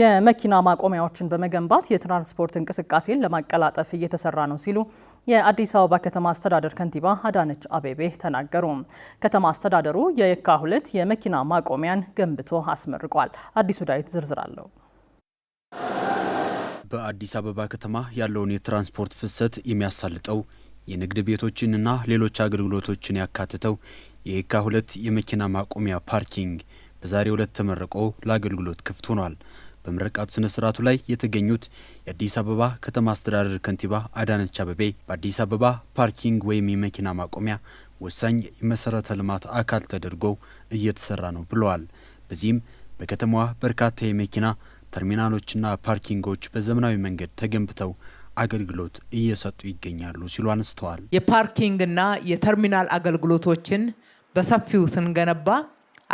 የመኪና ማቆሚያዎችን በመገንባት የትራንስፖርት እንቅስቃሴን ለማቀላጠፍ እየተሰራ ነው ሲሉ የአዲስ አበባ ከተማ አስተዳደር ከንቲባ አዳነች አቤቤ ተናገሩ። ከተማ አስተዳደሩ የየካ ሁለት የመኪና ማቆሚያን ገንብቶ አስመርቋል። አዲሱ ዳዊት ዝርዝር አለው። በአዲስ አበባ ከተማ ያለውን የትራንስፖርት ፍሰት የሚያሳልጠው የንግድ ቤቶችንና ሌሎች አገልግሎቶችን ያካትተው የየካ ሁለት የመኪና ማቆሚያ ፓርኪንግ በዛሬው ዕለት ተመርቆ ለአገልግሎት ክፍት ሆኗል። በምረቃቱ ስነ ስርዓቱ ላይ የተገኙት የአዲስ አበባ ከተማ አስተዳደር ከንቲባ አዳነች አበቤ በአዲስ አበባ ፓርኪንግ ወይም የመኪና ማቆሚያ ወሳኝ የመሰረተ ልማት አካል ተደርጎ እየተሰራ ነው ብለዋል። በዚህም በከተማዋ በርካታ የመኪና ተርሚናሎችና ፓርኪንጎች በዘመናዊ መንገድ ተገንብተው አገልግሎት እየሰጡ ይገኛሉ ሲሉ አንስተዋል። የፓርኪንግና የተርሚናል አገልግሎቶችን በሰፊው ስንገነባ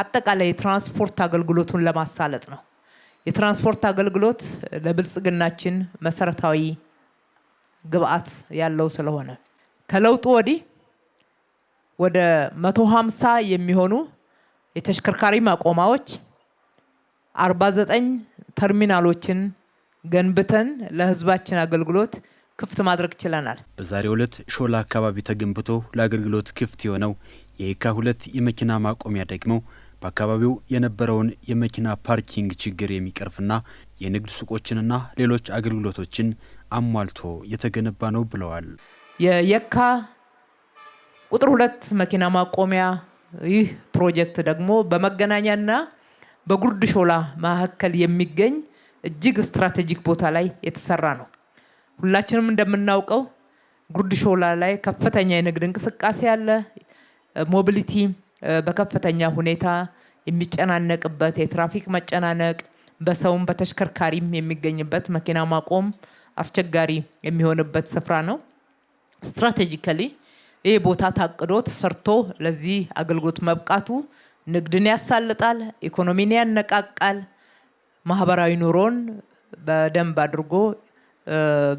አጠቃላይ የትራንስፖርት አገልግሎቱን ለማሳለጥ ነው። የትራንስፖርት አገልግሎት ለብልጽግናችን መሰረታዊ ግብአት ያለው ስለሆነ ከለውጡ ወዲህ ወደ መቶ ሀምሳ የሚሆኑ የተሽከርካሪ ማቆማዎች አርባ ዘጠኝ ተርሚናሎችን ገንብተን ለህዝባችን አገልግሎት ክፍት ማድረግ ችለናል። በዛሬው ዕለት ሾላ አካባቢ ተገንብቶ ለአገልግሎት ክፍት የሆነው የየካ ሁለት የመኪና ማቆሚያ ደግሞ በአካባቢው የነበረውን የመኪና ፓርኪንግ ችግር የሚቀርፍና የንግድ ሱቆችንና ሌሎች አገልግሎቶችን አሟልቶ የተገነባ ነው ብለዋል። የየካ ቁጥር ሁለት መኪና ማቆሚያ ይህ ፕሮጀክት ደግሞ በመገናኛና በጉርድ ሾላ መካከል የሚገኝ እጅግ ስትራቴጂክ ቦታ ላይ የተሰራ ነው። ሁላችንም እንደምናውቀው ጉርድ ሾላ ላይ ከፍተኛ የንግድ እንቅስቃሴ አለ። ሞቢሊቲ በከፍተኛ ሁኔታ የሚጨናነቅበት የትራፊክ መጨናነቅ በሰውም በተሽከርካሪም የሚገኝበት መኪና ማቆም አስቸጋሪ የሚሆንበት ስፍራ ነው። ስትራቴጂካሊ ይህ ቦታ ታቅዶ ተሰርቶ ለዚህ አገልግሎት መብቃቱ ንግድን ያሳልጣል፣ ኢኮኖሚን ያነቃቃል፣ ማህበራዊ ኑሮን በደንብ አድርጎ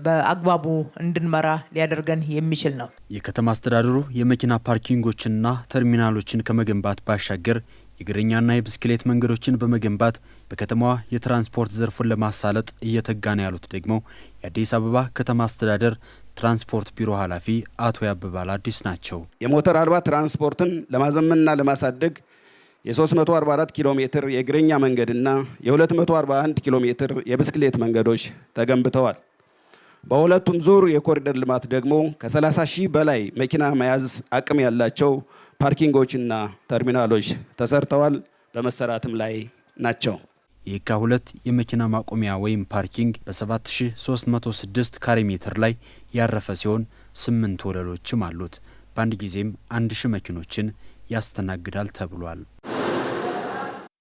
በአግባቡ እንድንመራ ሊያደርገን የሚችል ነው። የከተማ አስተዳደሩ የመኪና ፓርኪንጎችንና ተርሚናሎችን ከመገንባት ባሻገር የእግረኛና የብስክሌት መንገዶችን በመገንባት በከተማዋ የትራንስፖርት ዘርፉን ለማሳለጥ እየተጋ ነው ያሉት ደግሞ የአዲስ አበባ ከተማ አስተዳደር ትራንስፖርት ቢሮ ኃላፊ አቶ ያበባል አዲስ ናቸው። የሞተር አልባ ትራንስፖርትን ለማዘመንና ለማሳደግ የ344 ኪሎ ሜትር የእግረኛ መንገድና የ241 ኪሎ ሜትር የብስክሌት መንገዶች ተገንብተዋል። በሁለቱም ዙር የኮሪደር ልማት ደግሞ ከ30 ሺህ በላይ መኪና መያዝ አቅም ያላቸው ፓርኪንጎችና ተርሚናሎች ተሰርተዋል፣ በመሰራትም ላይ ናቸው። የካ ሁለት የመኪና ማቆሚያ ወይም ፓርኪንግ በ7306 ካሬ ሜትር ላይ ያረፈ ሲሆን ስምንት ወለሎችም አሉት። በአንድ ጊዜም አንድ ሺህ መኪኖችን ያስተናግዳል ተብሏል።